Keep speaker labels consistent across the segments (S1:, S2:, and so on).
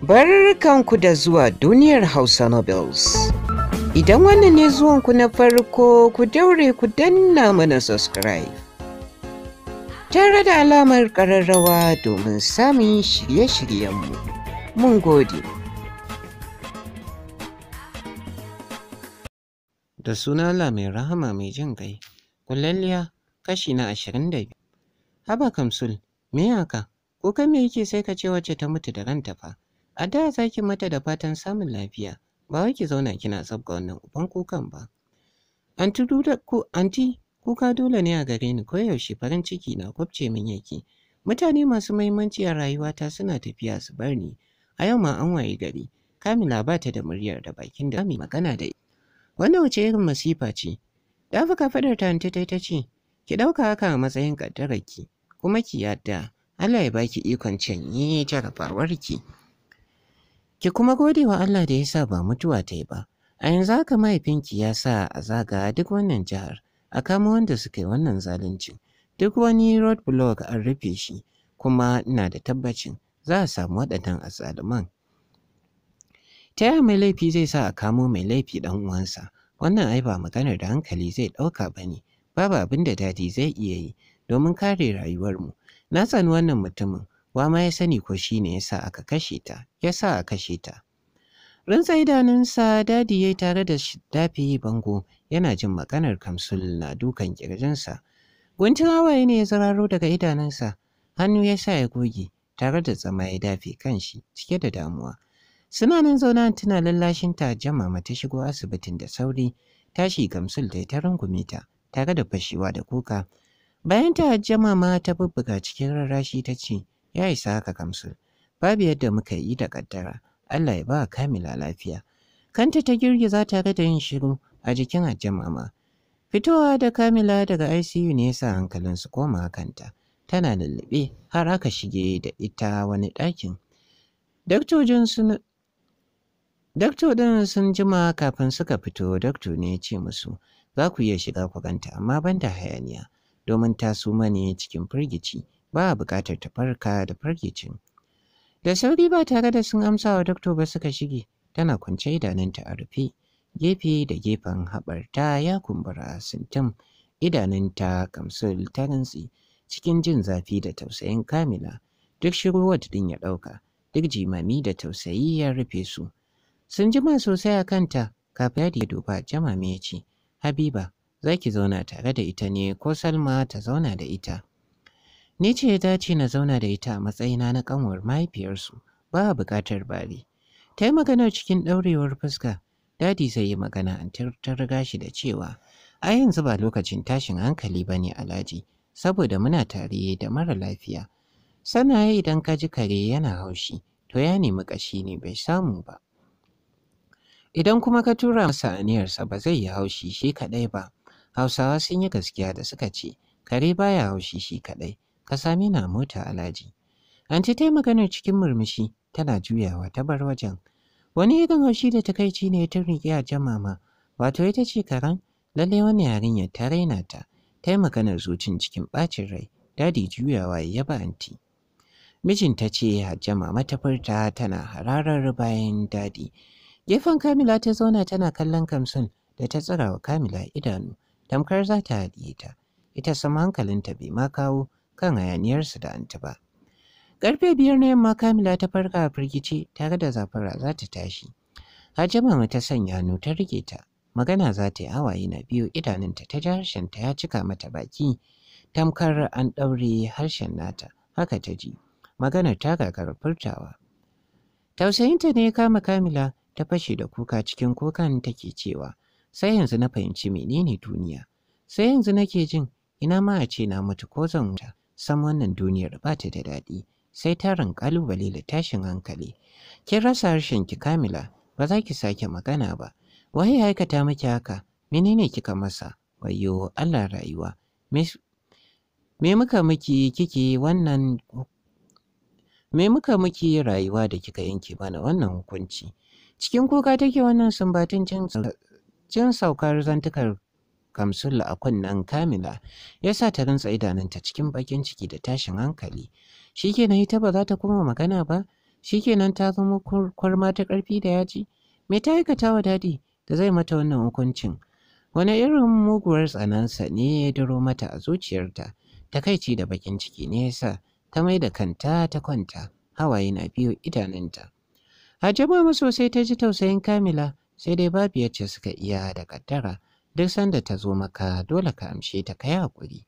S1: Barkanku da zuwa duniyar Hausa Nobles. Idan wannan ne zuwanku na farko ku daure ku danna mana subscribe. Tare da alamar ƙararrawa domin samun shirye-shiryenmu. Mun gode. Da suna la mai rahama mai jin gai, Kulalliya kashi na ashirin da biyu. Haba Kamsul, me haka? Ko kai me yake sai ka ce wacce ta mutu da ranta fa? A da, za ki mata da fatan samun lafiya, ba wai ki zauna kina tsabga wannan uban kukan ba. Anti kuka dole ne a gare ni koyaushe farin ciki na kwabce min yake. Mutane masu mahimmanci a rayuwata suna tafiya su bar ni. A yau ma an waye gari, Kamila ba ta da muryar da bakin da mai magana da Wannan wace irin masifa ce? Da fuka fadar ta anti ta ce, ki ɗauka haka a matsayin ƙaddararki, kuma ki yadda Allah ya baki ikon canye ki. Ki kuma gode wa Allah da ya sa ba mutuwa ta yi ba. A yanzu haka mahaifinki ya sa a zaga duk wannan jihar, a kama wanda suka yi wannan zalunci Duk wani roadblock an rufe shi, kuma ina da tabbacin za a samu waɗannan azzaluman. Ta yaya mai laifi zai sa a kamo mai laifi ɗan uwansa? Wannan ai ba maganar da hankali zai ɗauka ba ne, babu abin da daɗi zai iya yi domin kare rayuwarmu. Na tsani wannan mutumin, wa ma ya sani ko shi ne ya sa aka kashe ta ya sa a kashe ta rantsa idanunsa dadi ya tare da dafi bango yana jin maganar kamsul na dukan kirjinsa guntun hawaye ne ya zararo daga idanunsa hannu ya sa ya goge tare da tsama ya dafe kanshi cike da damuwa suna nan zauna tana lallashin ta jama ta shigo asibitin da sauri tashi kamsul da ta rungume ta tare da fashewa da kuka bayan ta jama ma ta bubbuga cikin rarrashi ta ce ya isa haka gamsu. babu yadda muka yi da ƙaddara. Allah ya ba Kamila lafiya kanta ta girgiza tare da yin shiru a jikin Hajjamama fitowa da Kamila daga ICU ne yasa hankalin su koma kanta tana lullube har aka shige da ita wani ɗakin daktojin sun Dakto ɗin sun jima kafin suka fito dakto ne ya ce musu za ku iya shiga ku ganta amma ban da hayaniya domin ta su mani cikin firgici ba a buƙatar ta farka da fargicin. Da sauri ba tare da sun amsa wa dokto ba suka shige, tana kwance idanunta a rufe, gefe da gefen haɓarta ya kumbura sintim, idanunta kamsul ta rantsi, cikin jin zafi da tausayin kamila, duk shiruwar ɗin ya ɗauka, duk jimami da tausayi ya rufe su. Sun jima sosai a kanta, kafin ya duba jamame ya ce, Habiba, za ki zauna tare da ita ne ko Salma ta zauna da ita. Ni ce ya dace na zauna da ita a matsayina na ƙanwar mahaifiyarsu, ba a buƙatar bari. Ta yi maganar cikin ɗaurewar fuska, dadi zai yi magana an ta riga shi da cewa, a yanzu ba lokacin tashin hankali ba ne alhaji, saboda muna tare da mara lafiya. ya idan ka ji kare yana haushi, to ya nemi ƙashi ne bai samu ba. Idan kuma ka tura masa aniyarsa ba zai yi haushi shi kaɗai ba, Hausawa sun yi gaskiya da suka ce, kare baya haushi shi kaɗai, ka same ni a mota alhaji anti ta yi maganar cikin murmushi tana juyawa ta bar wajen wani irin haushi da takaici ne ta riƙe a jamama. wato ita ce karan lalle wani ya ta raina ta ta yi maganar zucin cikin ɓacin rai dadi juyawa ya ba anti mijin ta ce hajjama matafarta tana hararar bayan dadi gefen kamila ta zauna tana kallon kamsun da ta tsira wa kamila idanu tamkar za ta haɗiye ta ita sama hankalinta bai ma kawo kan hayaniyarsu da anti ba. Karfe biyar na yamma Kamila ta farka a firgice tare da zafara za ta tashi. Hajjama ta sanya hannu ta rike ta. Magana za ta yi hawaye na biyu idanunta ta ji ta. ya cika mata baki. Tamkar an ɗaure harshen nata, haka ta ji. Maganar ta gagara furtawa. Tausayinta ne ya kama Kamila ta fashe da kuka cikin kukan take cewa, sai yanzu na fahimci menene duniya. Sai yanzu nake jin ina ma a ce na mutu ko zan wuta. san wannan duniyar ba ta da daɗi sai tarin ƙalubale da tashin hankali kin rasa harshen ki kamila ba za ki sake magana ba waye ya aikata miki haka menene kika masa wayyo Allah rayuwa me muka miki kike wannan me muka miki rayuwa da kika yanke mana wannan hukunci cikin kuka take wannan sumbatin cin saukar zantukar kamsulla a kunnen kamila ya sa ta rantsa idananta cikin bakin ciki da tashin hankali shi kenan ita ba za ta kuma magana ba shi kenan ta zama kwarma ta ƙarfi da yaji me ta aikata wa dadi da zai mata wannan hukuncin wani irin muguwar tsanansa ne ya duro mata a zuciyarta takaici da bakin ciki ne yasa ta mai da kanta ta kwanta hawaye na biyu idanunta hajjaba sosai ta ji tausayin kamila sai dai babu yacce suka iya da kaddara duk sanda ta zo maka dole ka amshe ta kai yi haƙuri.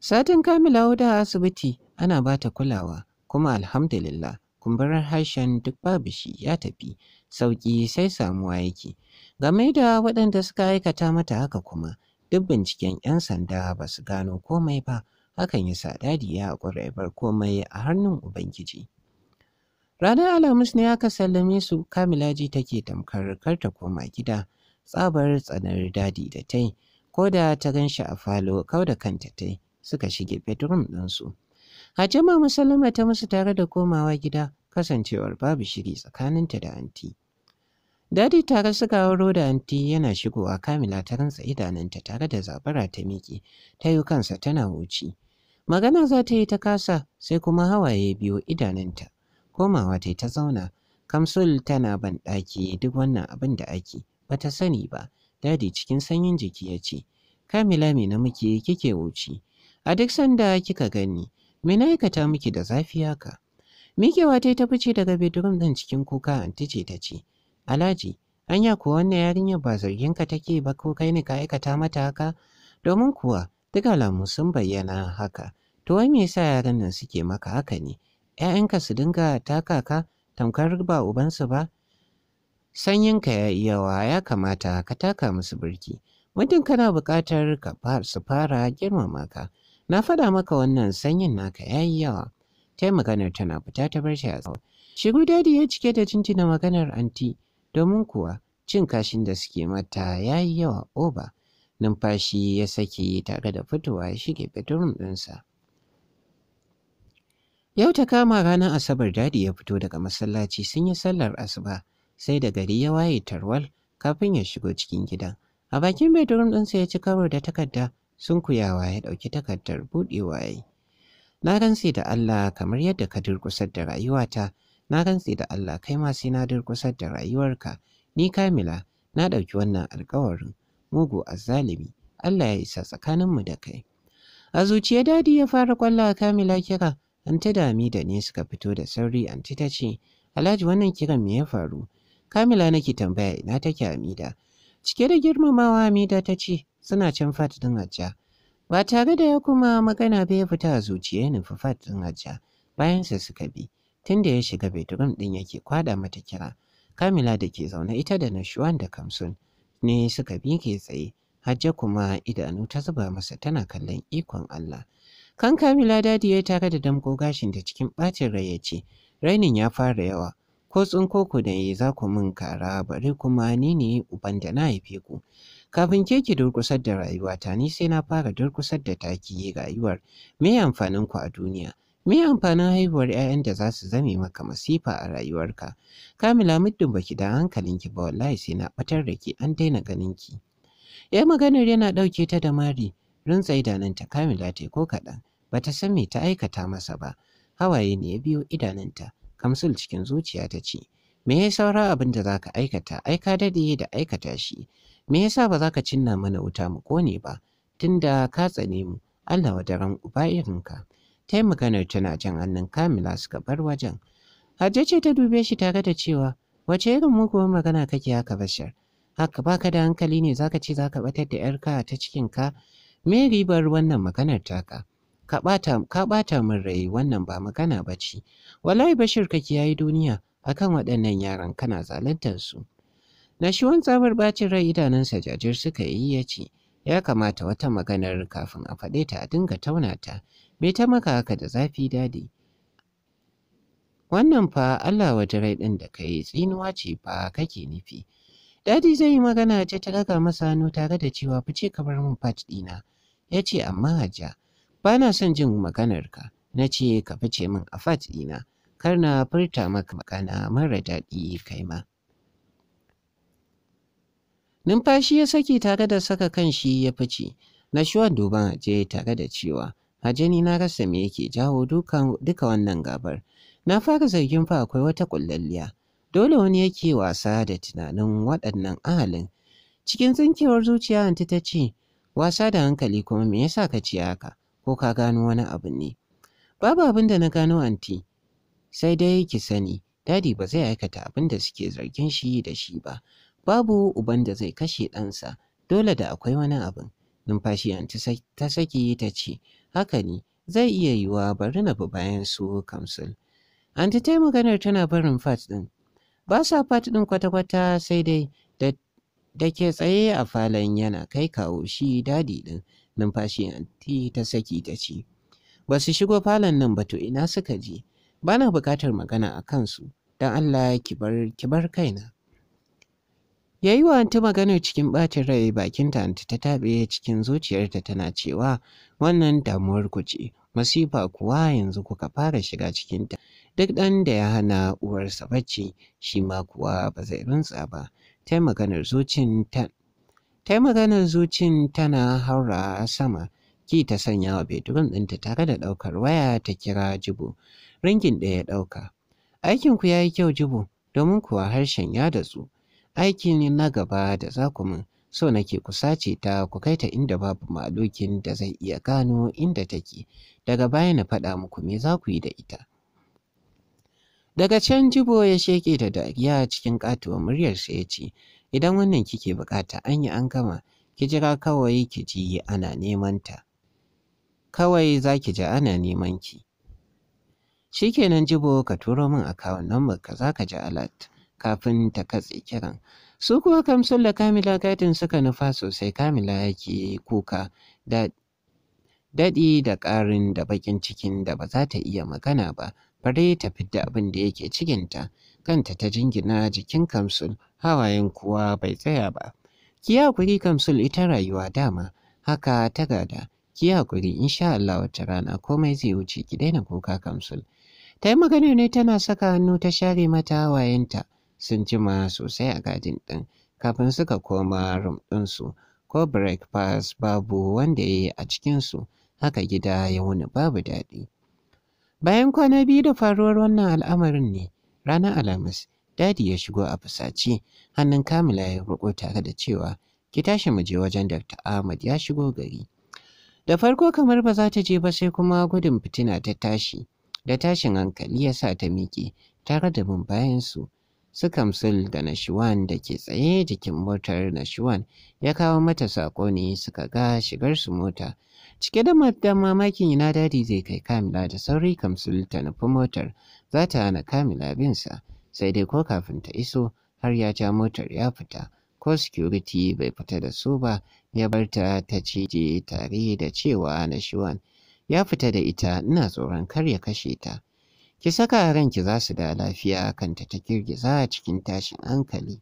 S1: Satin Kamila da a asibiti ana ba ta kulawa kuma alhamdulillah kumburar harshen duk babu shi ya tafi sauƙi sai samuwa yake. Game da waɗanda suka aikata mata haka kuma duk binciken 'yan sanda ba su gano komai ba hakan ya sa dadi ya haƙura bar komai a hannun Ubangiji. Ranar Alhamis ne aka sallame su Kamilaji take tamkar karta koma gida tsabar tsanar dadi da ta ko da ta gan shi a falo kau da kanta ta suka shige bedroom ɗinsu. Hajjama Musalama ta musu tare da komawa gida kasancewar babu shiri tsakaninta da anti. Dadi tare suka waro da anti yana shigowa Kamila ta rantsa idananta tare da zabara ta miƙe, ta yi kansa tana wuce. Magana za ta yi ta kasa sai kuma hawaye biyu idananta. Komawa ta yi ta zauna, Kamsul tana ban duk wannan abin da ake. ba ta sani ba dadi cikin sanyin jiki ya ce kamila me na muke kike wuce a duk sanda kika gani me na aikata miki da zafi haka mikewa ta ta fice daga bedroom ɗin cikin kuka anti ce ta ce alhaji anya kuwa wannan yarinyar ba zarginka take ba ko kai ne ka aikata mata haka domin kuwa duk alamu sun bayyana haka to wai me yasa yaran nan suke maka haka ne 'ya'yanka su dinga taka ka tamkar ba ubansu ba sanyinka ya yi yawa ya kamata ka taka musu birki mutum kana buƙatar ka su fara girmama ka na faɗa maka wannan sanyin naka ya yi yawa ta maganar tana fita ta bar shi a tsawo dadi ya cike da jinjina maganar anti domin kuwa cin kashin da suke mata ya yi yawa oba numfashi ya sake tare da fitowa ya shige bedroom ɗinsa. Yau ta kama ranar Asabar dadi ya fito daga masallaci sun yi sallar asuba. sai da gari ya waye tarwal kafin ya shigo cikin gidan. A bakin bedroom ɗinsa ya ci karo da takarda sunkuyawa ya ɗauki takardar buɗewa ya yi. Na rantse da Allah kamar yadda ka durƙusar da rayuwata, na rantse da Allah kai ma sai na durƙusar da rayuwarka. Ni Kamila, na ɗauki wannan alƙawarin. Mugu azzalimi, Allah ya isa tsakaninmu da kai. A zuciya dadi ya fara a Kamila kira, ta dami da ne suka fito da sauri anti ta ce, Alhaji wannan kiran me ya faru? Kamila nake tambaya ina take Amida? Cike da girmamawa Amida ta ce suna can fat din Hajja. Ba tare da ya kuma magana ba ya fita a zuciya ya nufi fat din Hajja. Bayansa suka bi. Tunda ya shiga bedroom din yake kwada mata kira. Kamila da ke zaune ita da Nashuwan da Kamsun ne suka bi ke tsaye. Hajja kuma idanu ta zuba masa tana kallon ikon Allah. Kan Kamila dadi ya tare da damko gashin da cikin ɓacin rai ya ce, Rainin ya fara yawa, ko tsinko ku da yi za ku min kara bari kuma ni ne uban da na haife ku. Kafin ke ki durkusar da rayuwa ta ni sai na fara durkusar da taki rayuwar me amfanin ku a duniya. Me amfanin haihuwar 'ya'yan da za su zame maka masifa a rayuwarka? Kamila muddin baki da hankalin ki ba wallahi sai na ɓatar da ke an daina ganin ki. Ya maganar yana ɗauke ta da mari, runtsa idanunta Kamila ta yi ko kaɗan, bata san me ta aikata masa ba. Hawaye ne ya biyo idanunta. Kamsul cikin zuciya ta ce, Me ya saura abin da za ka aikata, aika daɗe da aikata shi, me ya sa ba za ka cinna mana wuta mu kone ba, tunda ka tsane mu, Allah wadaran uba irinka. Ta yi maganar tana jan hannun Kamila suka bar wajen. Hajja ce ta dube shi tare da cewa, wace irin muguwar magana kake haka bashar, haka ba ka da hankali ne za ka ce za ka batar da ‘yarka ta cikinka, me ribar wannan maganar taka. ka ɓata min rai wannan ba magana ba ce wallahi bashir kake yayi duniya akan waɗannan yaran kana zaluntar su na shi wani tsabar bacin rai idanunsa jajir suka yi ya ce ya kamata wata maganar kafin a faɗe ta a dinga tauna ta me ta maka haka da zafi dadi wannan fa Allah wa rai ɗin da kai tsinuwa ce ba kake nufi dadi zai yi magana ce ta ɗaga masa hannu tare da cewa fice kamar mun min fat ɗina ya ce amma hajja Ba na son jin maganarka, na ce ka fice min a fat ɗina, kar na furta maka magana mara daɗi kai ma. Numfashi ya saki tare da saka kan shi ya fice, na shuwa duban je tare da cewa, hajjani na rasa me yake jawo duka wannan gabar. Na fara zargin fa akwai wata ƙullalliya. Dole wani yake wasa da tunanin waɗannan ahalin. Cikin tsinkewar zuciya anti ta ce, wasa da hankali kuma me yasa ka ce haka? ko ka gano wani abu ne. Babu abin da na gano anti, sai dai ki sani, dadi ba zai aikata abin da suke zargin shi da shi ba. Babu uban da zai kashe ɗansa, dole da akwai wani abin. Numfashi anti ta saki ta ce, haka ne, zai iya yiwa, bari na bi bayan su kamsul. Anti ta yi maganar tana barin fat ɗin. Ba sa fat ɗin kwata-kwata sai dai da ke tsaye a falon yana kai kawo shi dadi ɗin numfashi anti ta saki ta ci. ba su shigo falon nan ba to ina suka je ba na buƙatar magana a kansu don allah ki bar kaina ya yi wa anti maganar cikin ɓacin rai bakinta anti ta taɓe cikin zuciyarta tana cewa wannan damuwar ku ce masifa kuwa yanzu kuka fara shiga cikinta duk ɗan da ya hana uwarsa bacci shi ma kuwa ba zai rantsa ba ta maganar zuciyar Ta yi maganar zucin tana haura sama, ki ta sanya wa bedroom ɗinta tare da ɗaukar waya ta kira jibo. Ringin ɗaya ɗauka. Aikinku ya yi kyau jibo, domin kuwa harshen ya datsu. Aiki na gaba da za ku min, so nake ku sace ta ku kai ta inda babu malukin da zai iya gano inda take. Daga baya na faɗa muku me za ku yi da ita. Daga can Jibo ya sheke da dariya cikin katuwar muryarsa ya ce, Idan wannan kike bukata an yi an gama, ki jira kawai ki ji ana neman Kawai za ki ji ana neman ki. Shi kenan Jibo ka turo min akawun nan ka za ka ji alat kafin ta katse kiran. Su kuwa Kamsul da Kamila gadin suka nufa sosai Kamila yake kuka da daɗi da ƙarin da baƙin cikin da ba za ta iya magana ba bare ta fidda abin da yake cikinta kanta ta jingina jikin kamsul hawayen kuwa bai tsaya ba ki hakuri kamsul ita rayuwa dama haka ta gada ki hakuri insha Allah wata rana komai zai wuce ki daina kuka kamsul ta yi magana ne tana saka hannu ta share mata hawayenta sun jima sosai a gadin ɗin kafin suka koma rum ɗinsu ko breakfast babu wanda ya yi a cikinsu haka gida ya wuni babu daɗi Bayan kwana biyu da faruwar wannan al'amarin ne, ranar Alhamis, Dadi ya shigo a fusace, hannun Kamila ya riƙo tare da cewa, ki tashi mu je wajen Dr. Ahmad ya shigo gari. Da farko kamar ba za ta je ba sai kuma gudun fitina ta tashi, da tashin hankali ya sa ta miƙe tare da bin bayansu. Su kamsul da Nashuwan da ke tsaye jikin motar Nashuwan ya kawo mata saƙo ne suka ga shigar su mota Cike da mamakin ina dadi zai kai Kamila da sauri Kamsul ta nufi motar za ta hana Kamila binsa sai dai ko kafin ta iso har ya ja motar ya fita ko security bai fita da su ba ya bar ta ta cije tare da cewa na shiwan ya fita da ita ina tsoron kar ya kashe ta. Ki saka ranki za su da lafiya kanta ta girgiza cikin tashin hankali.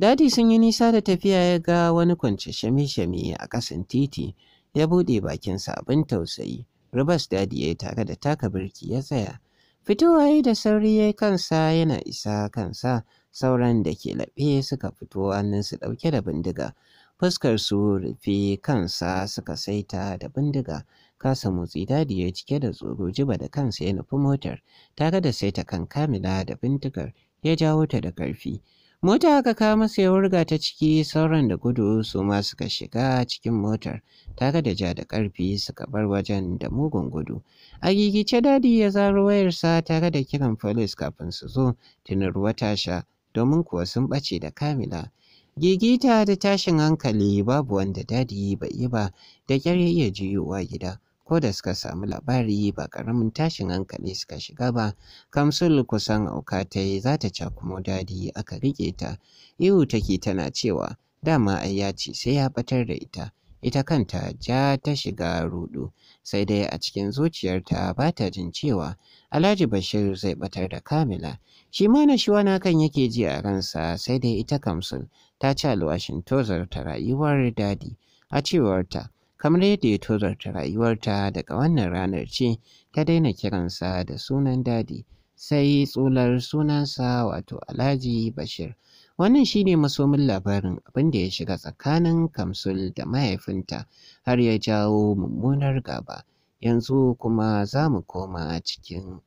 S1: Dadi sun yi nisa da tafiya ya ga wani kwance shami-shami a ƙasan titi ya buɗe bakin abin tausayi. Rubas dadi ya yi tare da taka birki ya tsaya. Fitowa yi da sauri ya kansa yana isa kansa sauran da ke laɓe suka fito su ɗauke da bindiga. Fuskar su rufe kansa suka saita da bindiga. Kasa motsi dadi ya cike da tsoro jiba da kansa ya nufi motar tare da saita kan kamila da bindigar ya jawo ta da ƙarfi. Mota aka kawo masa ya wurga ta ciki sauran da gudu su ma suka shiga cikin motar tare da ja da ƙarfi suka bar wajen da mugun gudu. A gigice dadi ya zaro wayarsa tare da kiran folis kafin su zo tunar wata sha domin kuwa sun ɓace da kamila. Gigita da tashin hankali babu wanda dadi bai yi ba da ƙyar ya iya jiyowa gida. ko da suka samu labari ba ƙaramin tashin hankali suka shiga ba kamsul kusan auka ta yi za ta cakumo dadi aka riƙe ta ihu take tana cewa dama ai ya ce sai ya ɓatar da ita ita kanta ja ta shiga rudu sai dai a cikin zuciyarta ba ta jin cewa Alhaji Bashir zai batar da Kamila shi ma na shi wani kan yake ji a ransa sai dai ita Kamsul ta ci alwashin tozar ta rayuwar dadi a cewarta kamar yadda ya tozarta rayuwarta daga wannan ranar ce ta daina kiransa da sunan dadi sai tsular sunansa wato alhaji bashir wannan shine masomin labarin abinda ya shiga tsakanin kamsul da mahaifinta har ya jawo mummunar gaba yanzu kuma za mu koma cikin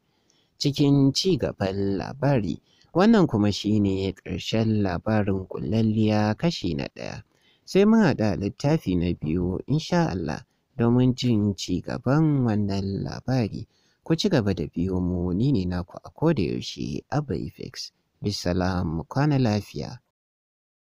S1: cikin ci gaban labari wannan kuma shine ƙarshen labarin kullalliya kashi na ɗaya sai mun haɗa littafi na biyu insha Allah domin jin ci gaban wannan labari. Ku ci gaba da biyo mu ni ne naku a koda yaushe Abba Effects. Bisalam kwana lafiya.